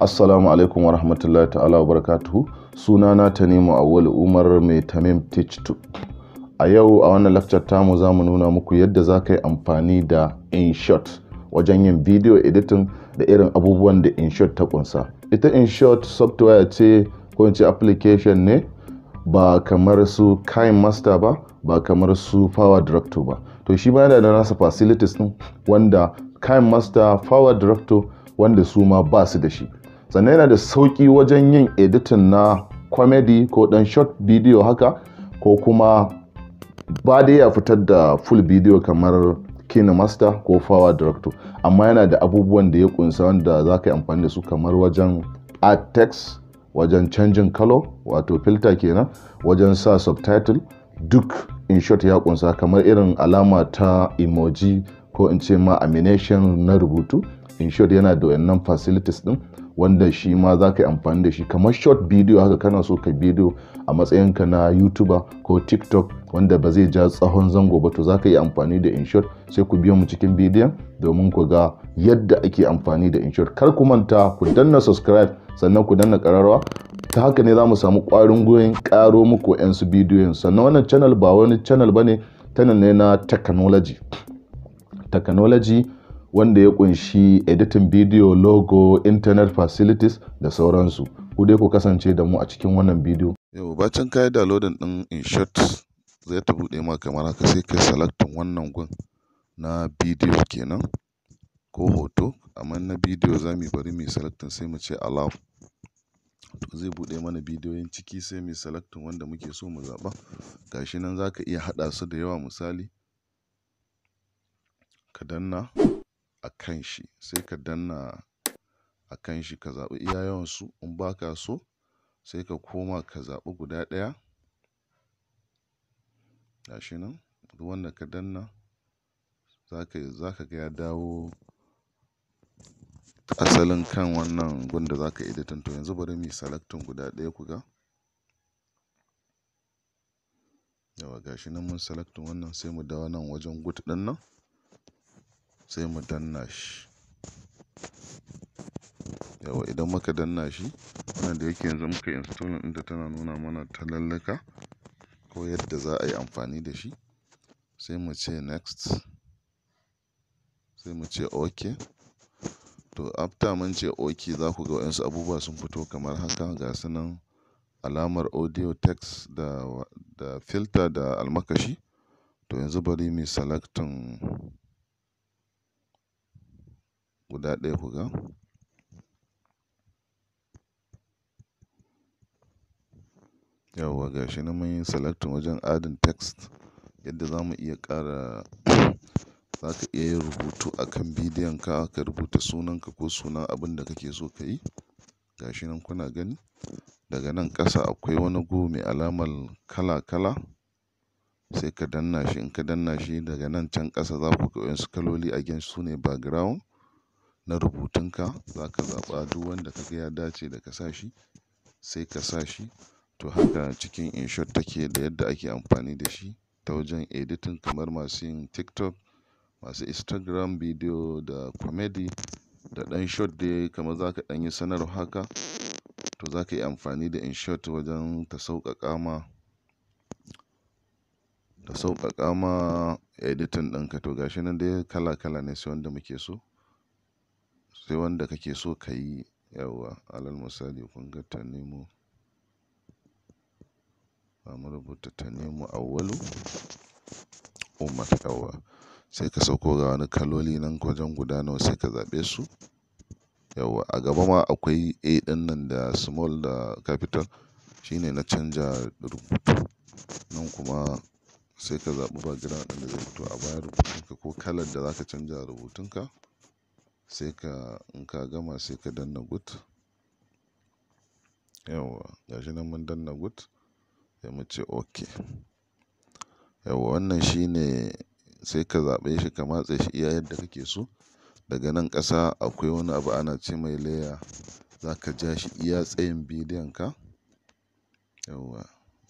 assalamu alaikum wa rahmatullahi ta'ala wa barakatuhu sunana a awwal umar mai tamim teach a yau a wannan lecture tamu za mu nuna muku yadda za ka yi amfani da inshot wajen yin video editing da irin abubuwan da inshot ta kunsa ita inshot software ce ko in application ne ba kamar su kind master ba ba kamar su power director ba to shi ba da nasa facilities din wanda kind master power director wanda su ma ba su da shi sannan yana da sauƙi wajen yin editin na comedy ko ɗan short video haka ko kuma ba da ya fitar da full video kamar master ko power director amma yana da abubuwan da ya kunsa wanda za ka yi amfani da su kamar wajen add text wajen canjin color wato filter kenan wajen sa subtitle duk in short ya kunsa kamar irin alama ta emoji ko in ce ma amination na rubutu in short yana da wannan facilities din wanda shi ma za ka yi amfani da shi kamar short video haka kana so ka bidiyo a matsayinka na youtuber ko tiktok wanda ba zai ja tsahon zango ba to za ka yi amfani da inshot sai ku biyo mu cikin bidiyon domin ku ga yadda ake amfani da inshot kar ku manta ku danna subscribe sannan ku danna kararwa ta haka ne za mu samu ƙwarin gwiwin ƙaro muku 'yansu bidiyon sannan wannan channel ba wani channel ba ne ne na technology technology wanda ya kunshi editing bidiyo logo internet facilities da sauransu ku dai ku kasance da mu a cikin wannan bidiyo yau bacin da loading din in inshot zai ta bude ma kamar haka sai kai selecting wannan gun na bidiyo kenan ko hoto amma na bidiyo za mu bari mu selecting sai mu ce allow to zai bude mana bidiyoyin ciki sai mu selecting wanda muke so mu zaba gashi nan za iya hada su da yawa misali ka danna a kan shi sai ka danna a kan shi ka zaɓi iya yawansu in ba ka so sai ka koma ka zaɓi guda ɗaya gashi nan duk wanda ka danna za ka ga ya dawo asalin kan wannan gun da za ka editin to yanzu bari mu yi selecting guda ɗaya ku ga yawa gashi nan mun selecting wannan sai mu dawo nan wajen gut ɗin nan sai mu danna shi. Yauwa idan muka danna shi, wannan da yake yanzu muka installing ɗinta tana nuna mana ta lallaka ko yadda za a yi amfani da shi. Sai mu ce next, sai mu ce OK. To after mun ce OK za ku ga waɗansu abubuwa sun fito kamar haka ga su nan alamar audio text da, da filter da almakashi. To yanzu bari mu yi selecting. guda ɗaya ku ga. Yauwa ga shi nan mun yi select wajen adding text yadda za mu iya ƙara za ka iya yin rubutu a kan bidiyon ka, ka rubuta sunanka ko sunan abin da kake so ka yi. Ga shi nan kuna gani. Daga nan ƙasa akwai wani gu mai alamar kala kala sai ka danna shi in ka danna shi daga nan can ƙasa za ku ga wasu kaloli again su ne background. na rubutunka za ka zaɓa duk wanda ka ga ya dace da ka sa shi sai ka sa shi. To haka cikin InShot take da yadda ake amfani da shi ta wajen editing kamar masu yin TikTok, masu Instagram bidiyo da comedy da ɗan shot dai kamar za ka ɗan yi sanarwa haka. To za ka yi amfani da InShot wajen ta sauƙaƙa ma, ta sauƙaƙa ma editing ɗinka. To gashi nan dai kala kala ne sai wanda muke so. sai wanda kake so ka yi yauwa. Alal misali kun ga Tanimu, za mu rubuta Tanimu Auwalu Umar yauwa. Sai ka sauko ga wani kaloli nan wajen guda nawa sai ka zaɓe su yauwa. A gaba ma akwai A ɗin nan da small da capital shine na canja rubutu. Nan kuma sai ka zaɓi background ɗin da zai fito a bayan rubutunka ko kalar da za ka canja a rubutunka sai ka in ka gama sai ka danna gut. Yauwa gashi nan mun danna gut sai mu ce ok. yawwa wannan shine sai ka zaɓe shi ka matse shi iya yadda kake so. Daga nan ƙasa akwai wani abu ana ce mai laya. za ka ja shi iya tsayin bidiyon ka. yawwa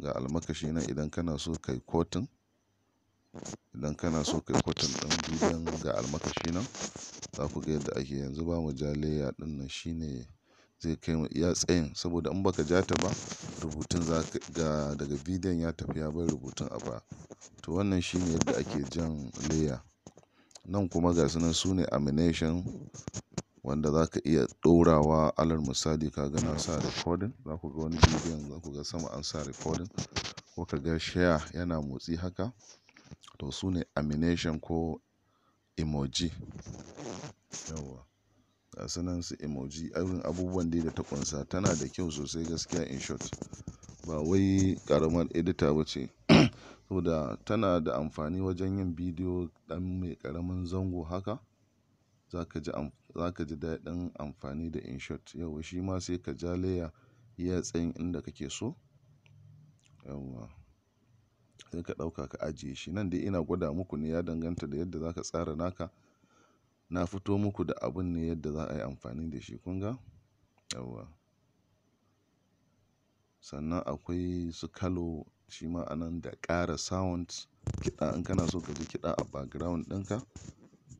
ga almakashi nan idan kana so ka yi kotun. Idan kana so ka yi cotton ɗin ga almakashi nan, za ku ga yadda ake yanzu ba mu ja leya ɗin nan shine zai kai mu iya tsayin saboda in ba ka ja ta ba rubutun za ga daga bidiyon ya tafi ya bar rubutun a baya. To wannan shine yadda ake jan leya Nan kuma ga su nan sune amination wanda za ka iya ɗorawa wa alal misali ka ga na sa recording za ku ga wani bidiyon za ku ga sama an sa rikodin ko ka ga share yana motsi haka. To su ne amination ko emoji. Yauwa. Gasunan su emoji, irin abubuwan dai da ta ƙunsa tana da kyau sosai gaskiya in short. Ba wai karamar edita ba ce saboda tana da amfani wajen yin bidiyo ɗan mai karamin zango haka. Za ka ji daɗin amfani da InShot. yawa shi ma sai ka ja layer iya tsayin inda kake so. yawa. sai ka ɗauka ka ajiye shi nan dai ina gwada muku ne ya danganta da yadda za ka tsara naka na fito muku da abun ne yadda za a yi amfani da shi kun ga yawwa sannan akwai su kalo shi ma a nan da ƙara sound kiɗa in kana so ka ji kiɗa a background ɗinka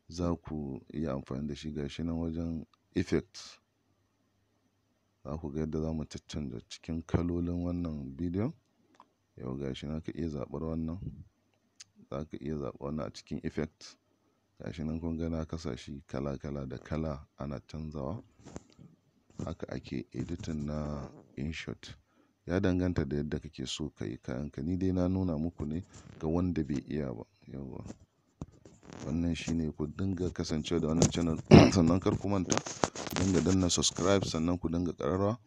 za ku iya amfani da shi ga shi nan wajen effect za ku ga yadda za mu caccanza cikin kalolin wannan bidiyon Yau gashi nan ka iya zaɓar wannan, za ka iya zaɓa wannan a cikin effect. shi nan kun ga na kala kala da kala ana canzawa. Haka ake editing na InShot. Ya danganta da yadda kake so ka yi kayan Ni dai na nuna muku ne ga wanda bai iya ba. Yauwa. Wannan shine ku dinga kasancewa da wannan channel sannan kar ku manta ku dinga danna subscribe sannan ku dinga ƙararrawa.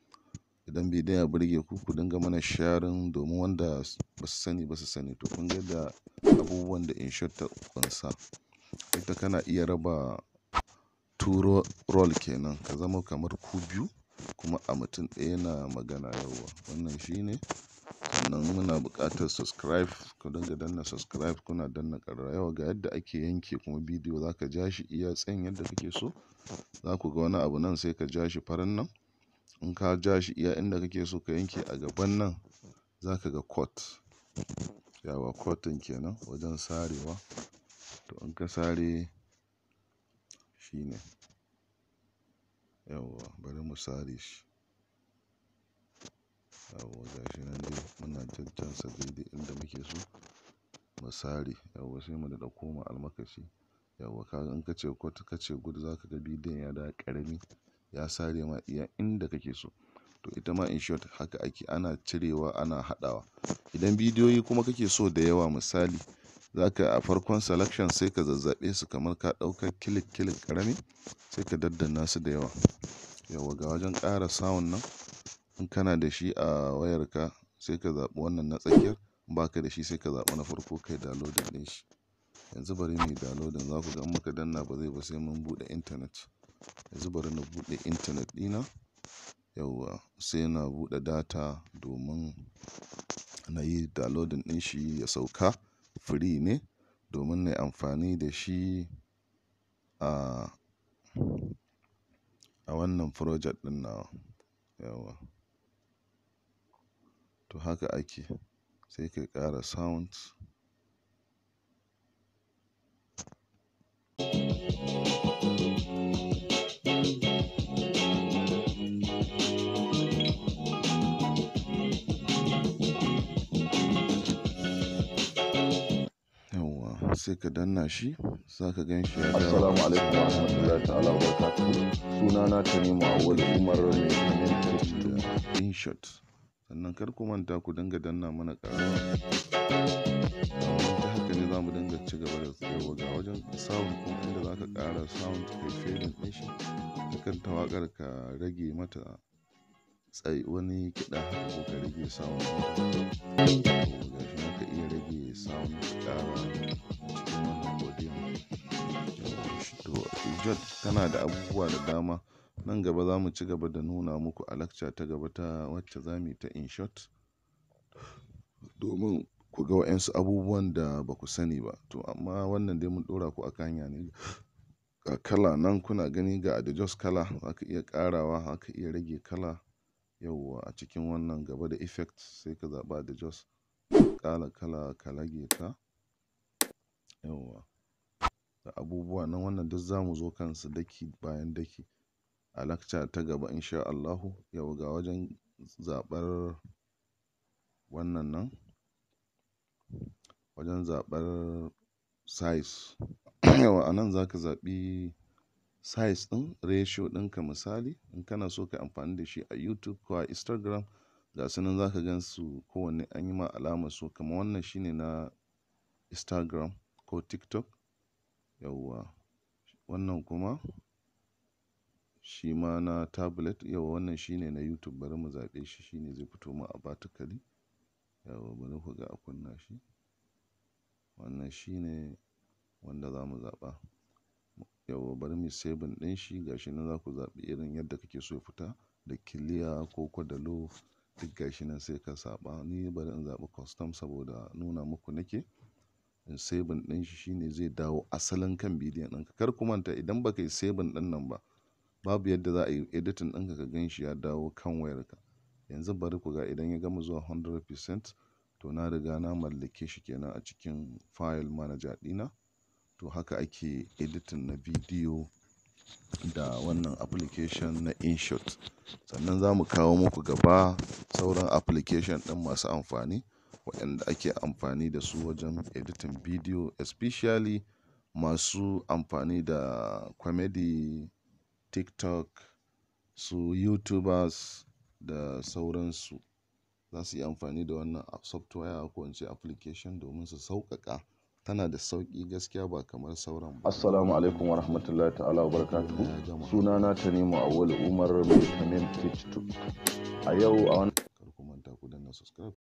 ɗan bidiyo ya burge ku, ku dinga mana sharing domin wanda ba su sani ba su sani. To kun ga da abubuwan da inshot ta ƙunsa. Ita kana iya raba two role kenan, ka zama kamar ku biyu kuma a mutum ɗaya na magana yauwa. Wannan shine ne. Sannan muna buƙatar subscribe, ku dinga danna subscribe kuna danna ƙararrawa ga yadda ake yanke kuma bidiyo zaka ka ja shi iya tsayin yadda kake so. Za ku ga wani abu nan sai ka ja shi farin nan. in ka ja shi iya inda kake so ka yanke a gaban nan za ka ga Yawa yawwa cutting kenan wajen sarewa to in ka sare shi ne. yawwa bari mu sare shi yawwa ga shi nan dai muna jajjansa daidai inda muke so mu sare yawwa sai mu daɗa koma almakashi yawwa ka in ka ce cut ka ce gud za ka ga bidiyon ya dawo ƙarami ya sare ma iya inda kake so. To ita ma in short haka ake ana cirewa ana haɗawa. Idan bidiyoyi kuma kake so da yawa misali zaka a farkon selection sai ka zazzaɓe su kamar ka ɗauka kilik kilik ƙarami sai ka daddana su da yawa. Yauwa ga wajen ƙara sound nan in kana da shi a wayarka sai ka zaɓi wannan na tsakiyar in ba da shi sai ka zaɓi na farko kai downloading ɗin shi. Yanzu bari muyi downloading za ku ga in muka danna ba zai ba sai mun buɗe intanet. Yanzu bari na buɗe intanet ɗina yauwa sai na buɗe data domin na yi downloading din shi ya sauka. Free ne domin na yi amfani da shi a, a wannan project ɗin nawa, yauwa. To haka ake, sai ka ƙara sounds. sai ka danna shi za ka gan shi ya dawo. Assalamu alaikum wa rahmatullahi ta'ala wa barakatuhu. Sunana Tanimu Awal Umar ne kamar in shot. Sannan kar ku manta ku dinga danna mana ƙarama. Ta haka ne za mu dinga ci gaba da tsayawa ga wajen sound kuma inda za ka ƙara sound kai fading ɗin shi. Takan tawaƙar ka rage mata tsayi wani kiɗa haka ko ka rage sound to gashi nan ka iya rage sound ƙara cikin wannan audio to jot tana da abubuwa da dama nan gaba za mu ci gaba da nuna muku a lakca ta gaba ta wacce za mu yi ta in shot domin ku ga wa'yansu abubuwan da ba ku sani ba to amma wannan dai mun ɗora ku a hanya ne kala nan kuna gani ga adjust kala za ka iya ƙarawa za ka iya rage kala yauwa a cikin wannan gaba da effect sai ka zaba da jos kala kala ka rage ta yauwa da abubuwa na wannan duk za zo kansu daki bayan daki a lakca ta gaba insha Allahu yau ga wajen zabar wannan nan wajen zaɓar size yawwa a nan za ka zaɓi size ɗin ratio ɗinka misali in kana so ka amfani da shi a YouTube ko a Instagram ga su nan za ka gan su kowanne an yi ma alama so kama wannan shine na Instagram ko TikTok yawwa wannan kuma shi ma na tablet yawwa wannan shine na YouTube bari mu zaɓe shi shine zai fito ma a batakali yawwa bari ku ga a kunna shi wannan shine wanda za mu zaɓa. Yauwa bari mu saving ɗin shi gashi nan za ku zaɓi irin yadda kake so ya fita da kiliya ko kwadulo duk gashi nan sai ka zaɓa. Ni bari in zaɓi custom saboda nuna muku nake. In saving ɗin shi shine zai dawo asalin kan bidiyon ɗinka. Kar ku manta idan ba ka yi saving ɗin nan ba babu yadda za a yi editing ɗinka ka gan shi ya dawo kan wayarka. Yanzu bari ku ga idan ya gama zuwa 100% to na riga na mallake shi kenan a cikin file manager ɗina. To haka ake editing na bidiyo da wannan application na InShot. Sannan za mu kawo muku gaba sauran application ɗin masu amfani waɗanda ake amfani da su wajen editing bidiyo especially masu amfani da comedy, TikTok, su YouTubers da sauransu. Za su yi amfani da wannan software ko ince application domin su sauƙaƙa. tana da sauƙi gaskiya ba kamar sauran ba. Assalamu alaikum wa rahmatullahi ta'ala wa barakatuhu. Suna na a wali Umar Mutamin Teach A yau a wani. Kar ku